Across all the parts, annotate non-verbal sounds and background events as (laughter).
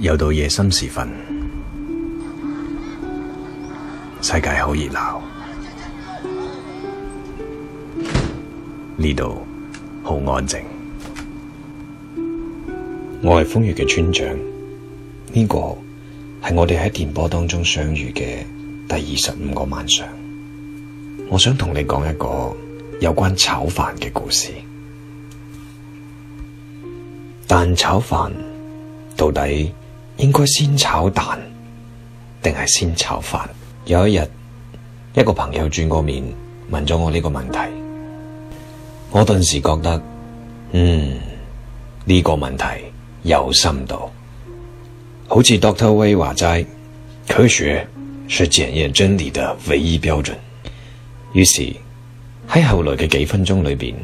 又到夜深時分，世界好熱鬧，呢度好安靜。我係瘋粵嘅村長，呢個係我哋喺電波當中相遇嘅第二十五個晚上。我想同你講一個有關炒飯嘅故事，蛋炒飯到底，應該先炒蛋定係先炒飯？有一日，一個朋友轉個面問咗我呢個問題，我頓時覺得，嗯，呢、這個問題有深度，好似 Doctor Wei 話齋，科學是檢驗真理的唯一標準。於是喺後來嘅幾分鐘裏邊，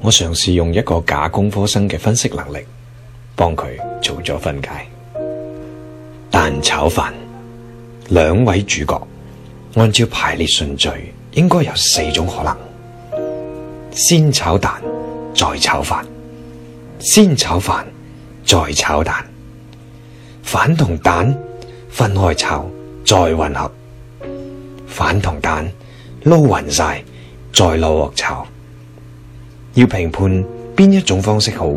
我嘗試用一個假工科生嘅分析能力幫佢做咗分解。蛋炒飯，兩位主角，按照排列順序應該有四種可能：先炒蛋再炒飯，先炒飯再炒蛋，飯同蛋分開炒再混合，飯同蛋撈匀晒再落鑊炒。要評判邊一種方式好，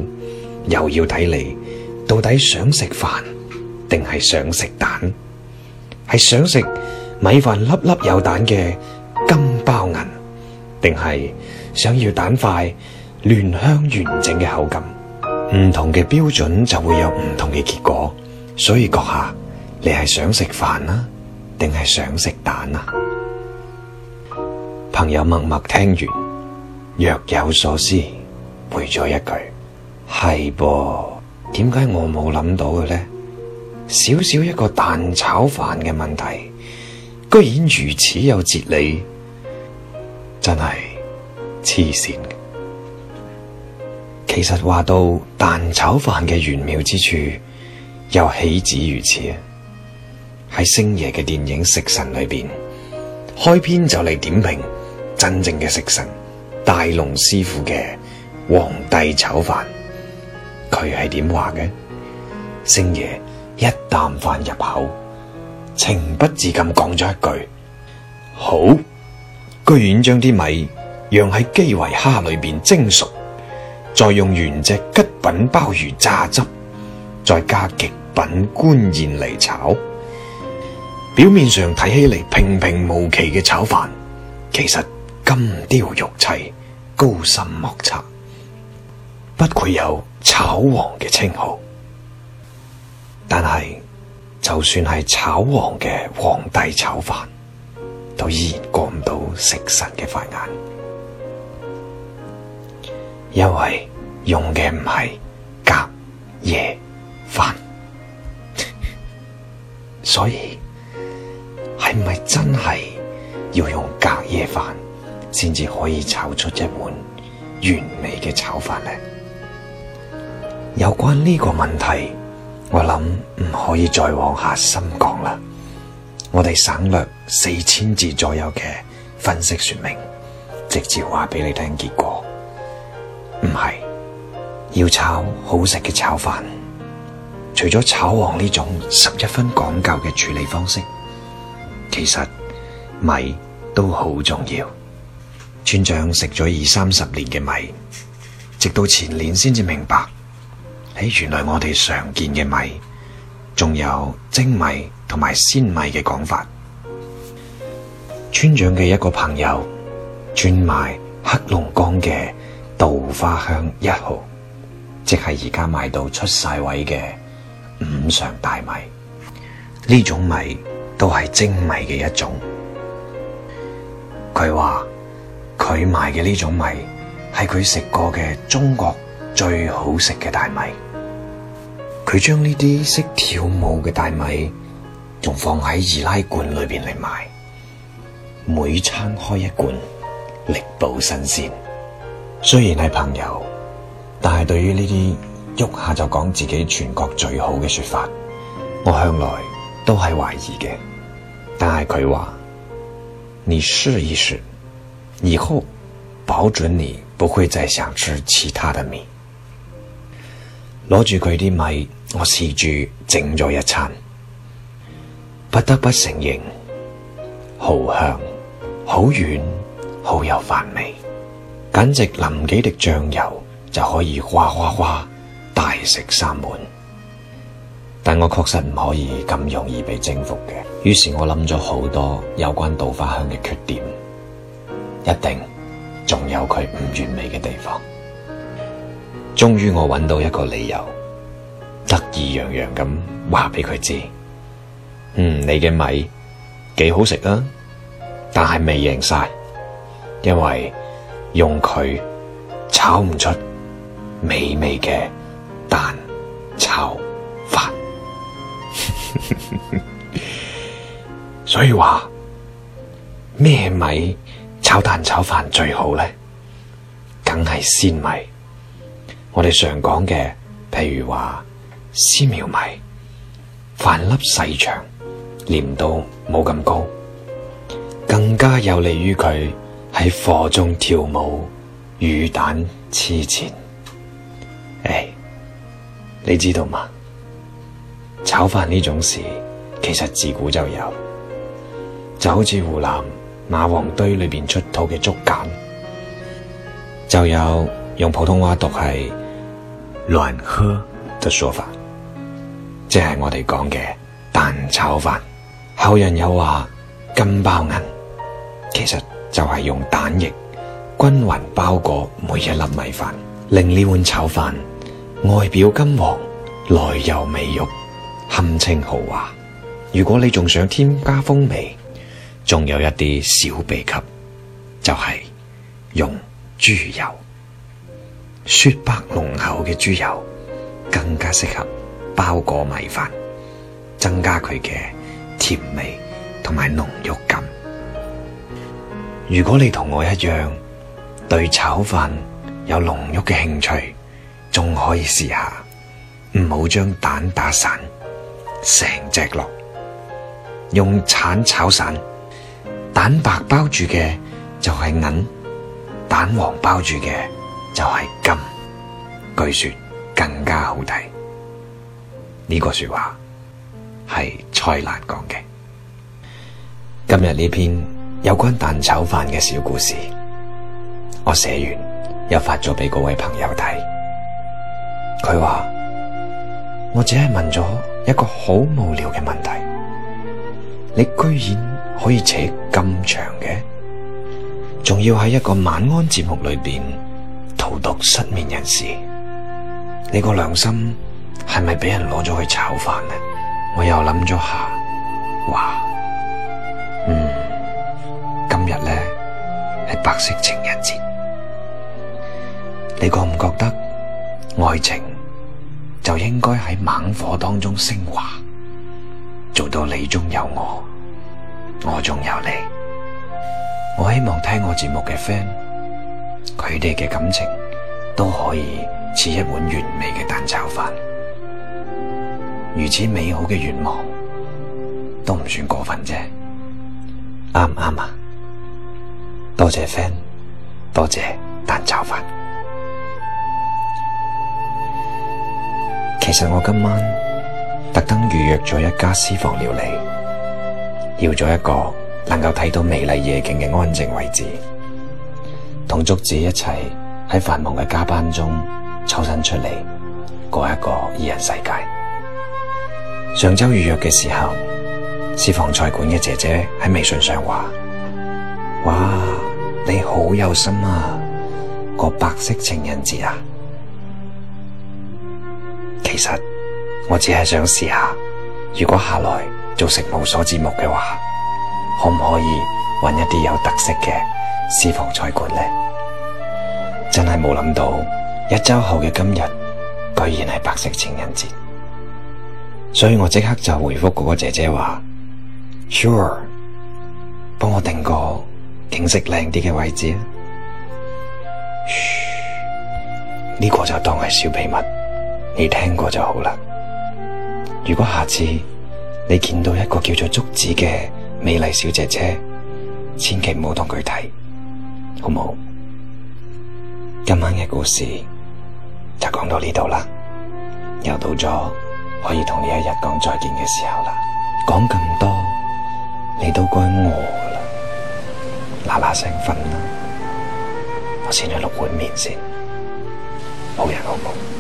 又要睇你到底想食飯，定係想食蛋，係想食米飯粒粒有蛋嘅金包銀，定係想要蛋塊嫩香完整嘅口感？唔同嘅標準就會有唔同嘅結果。所以閣下，你係想食飯啊，定係想食蛋啊？朋友默默聽完，若有所思，回咗一句：係噃，點解我冇諗到嘅呢？小小一個蛋炒飯嘅問題，居然如此有哲理，真係黐線。其實話到蛋炒飯嘅玄妙之處，又豈止如此啊？喺星爺嘅電影《食神》裏邊，開篇就嚟點評真正嘅食神戴龍師傅嘅皇帝炒飯，佢係點話嘅？星爺。一啖飯入口，情不自禁講咗一句：好！居然將啲米釀喺基圍蝦裏面蒸熟，再用原隻吉品鮑魚榨汁，再加極品官燕嚟炒。表面上睇起嚟平平無奇嘅炒飯，其實金雕玉砌、高深莫測，不愧有炒王嘅稱號。就算係炒王嘅皇帝炒飯，都依然過唔到食神嘅法眼，因為用嘅唔係隔夜飯， (laughs) 所以係咪真係要用隔夜飯先至可以炒出一碗完美嘅炒飯呢？有關呢個問題。我諗唔可以再往下深講啦，我哋省略四千字左右嘅分析說明，直接話俾你聽結果。唔係。要炒好食嘅炒飯，除咗炒王呢種十一分講究嘅處理方式，其實米都好重要。村長食咗二三十年嘅米，直到前年先至明白。喺原來我哋常見嘅米，仲有粳米同埋秈米嘅講法。村長嘅一個朋友專賣黑龍江嘅稻花香一號，即係而家賣到出晒位嘅五常大米。呢種米都係粳米嘅一種。佢話佢賣嘅呢種米係佢食過嘅中國最好食嘅大米。佢將呢啲識跳舞嘅大米，仲放喺易拉罐裏邊嚟賣，每餐開一罐，力保新鮮。雖然係朋友，但係對於呢啲喐下就講自己全國最好嘅說法，我向來都係懷疑嘅。但係佢話：你試一試，以後保準你不會再想吃其他嘅米。攞住佢啲米，我試住整咗一餐，不得不承認，好香，好軟，好有飯味，簡直淋幾滴醬油就可以嘩嘩嘩大食三碗。但我確實唔可以咁容易被征服嘅，於是我諗咗好多有關稻花香嘅缺點，一定仲有佢唔完美嘅地方。終於我揾到一個理由，得意洋洋咁話俾佢知：嗯，你嘅米幾好食啊！但係未贏晒，因為用佢炒唔出美味嘅蛋炒飯。 (laughs) 所以話咩米炒蛋炒飯最好咧？梗係秈米。我哋常講嘅，譬如話絲苗米，飯粒細長，黏度冇咁高，更加有利於佢喺火中跳舞，與蛋黐纏。誒、哎，你知道嗎？炒飯呢種事其實自古就有，就好似湖南馬王堆裏邊出土嘅竹簡，就有用普通話讀係卵熇的說法，即係我哋講嘅蛋炒飯。後人有話金包銀，其實就係用蛋液均勻包裹每一粒米飯，令呢碗炒飯外表金黃，內如美玉，堪稱豪華。如果你仲想添加風味，仲有一啲小秘笈，就係、是、用豬油。雪白濃厚嘅豬油更加適合包裹米飯，增加佢嘅甜味同埋濃郁感。如果你同我一樣對炒飯有濃郁嘅興趣，仲可以試下唔好將蛋打散，成隻落，用鏟炒散，蛋白包住嘅就係銀，蛋黃包住嘅。就係金，據說更加好睇。呢、這個說話係蔡瀾講嘅。今日呢篇有關蛋炒飯嘅小故事，我寫完又發咗俾嗰位朋友睇。佢話我只係問咗一個好無聊嘅問題，你居然可以扯咁長嘅，仲要喺一個晚安節目裏邊，荼毒失眠人士，你個良心係咪俾人攞咗去炒飯啊？我又諗咗下，話嗯，今日咧係白色情人節，你覺唔覺得愛情就應該喺猛火當中升華，做到你中有我，我中有你？我希望聽我節目嘅 friend，佢哋嘅感情。都可以似一碗完美嘅蛋炒飯，如此美好嘅願望都唔算過分啫，啱唔啱啊？多謝 friend，多謝蛋炒飯。其實我今晚特登預約咗一家私房料理，要咗一個能夠睇到美麗夜景嘅安靜位置，同竹子一齊，喺繁忙嘅加班中抽身出嚟過一個二人世界。上周預約嘅時候，私房菜館嘅姐姐喺微信上話：哇，你好有心啊！個白色情人節啊！其實我只係想試下，如果下來做食務所節目嘅話，可唔可以搵一啲有特色嘅私房菜館咧？真係冇諗到，一周後嘅今日，居然係白色情人節，所以我即刻就回覆嗰個姐姐話：Sure，幫我定個景色靚啲嘅位置。噓，呢個就當係小秘密，你聽過就好啦。如果下次你見到一個叫做竹子嘅美麗小姐姐，千祈唔好同佢睇，好唔好？今晚嘅故事就講到呢度啦，又到咗可以同你一日講再見嘅時候啦。講咁多，你都該餓啦，嗱嗱聲瞓啦，我先去六碗麵先。好人好夢，老婆。